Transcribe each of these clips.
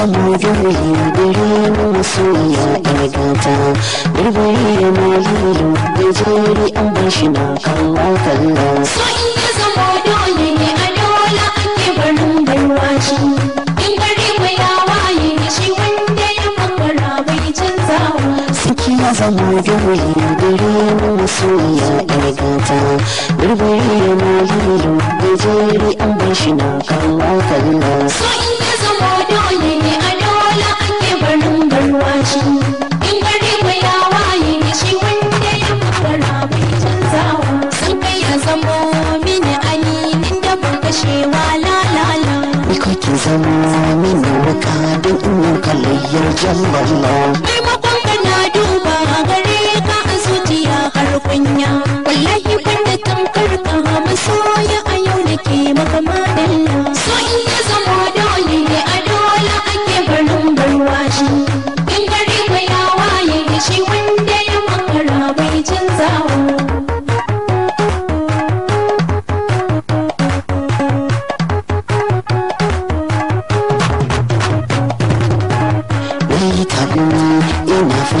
saboda ya gare ni masoya yar gata birbiri da malilu da jeri an bar shi na kalla kalla son ya zama dole ne a ake barin in mai shi ya bai suki ya zama ya an shi na ya zama mini ali inda ban kashewa lalala ni kake zama mini wuka don in kallayyar jambar lawa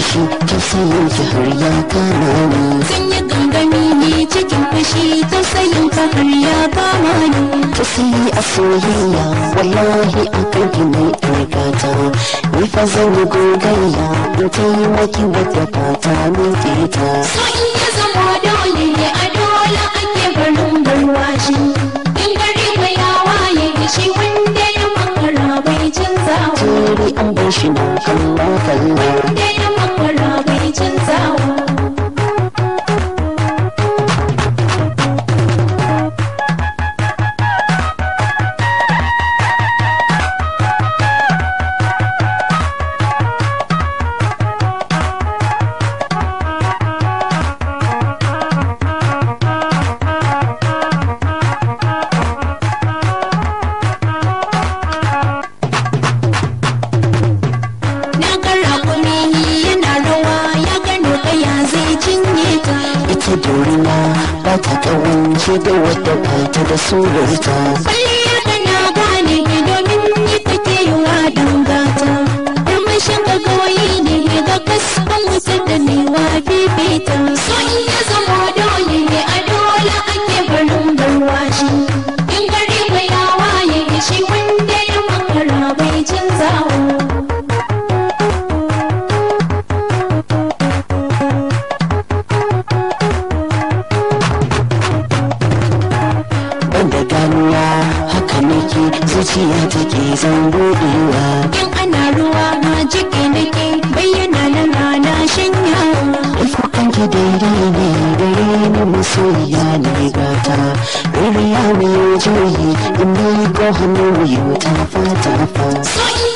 fushi ta sayin ki har ya kama ni yi gangami ne cikin fushi ta sayin ka har ya kama ni ta sayi a soyayya wallahi a kan ki mai aikata ni fa zan yi gogayya in ta yi maki wata fata ni ke ta so in ya zama dole ne a dole ake barin barwashi in gari mai yawa ya gishi wanda ya makara bai canza wuri an bar shi na kallon kallon ƙawance da wadda ba ta da surar ta. Kwalliya tana gane ki domin yi take yiwa don gata. Armashin ga gawayi ne ga kasu da ne wa fifita. So in ya zama zuciya take zan buɗewa in ana ruwa ma jike nake bayyana na rana shanyawa ifukan ki daidai ne dare ni masoyiya ne gata rariya mai yau juyi in bai ko hannu yau ta fata fa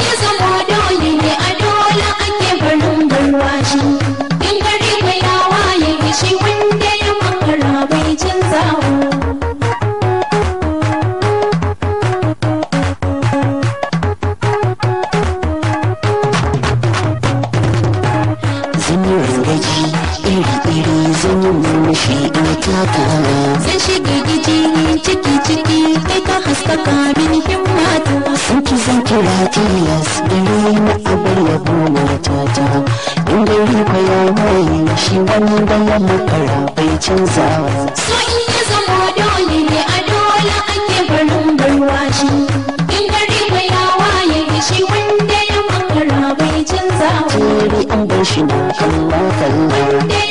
shi in taka zan shige giji ciki ciki kai ka haskaka min himmatu sun ki zan kira Ilyas da rayu abar ya goma ta, in gari ko ya mai shi wani bayan makara bai canza. so in ya zama dole ne a dole ake barin barwashi in gari ko ya waye shi wanda ya makara bai canzawa jeri an bar shi na kalla kalla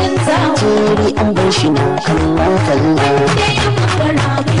canza wuri an bar shi na kallon kallon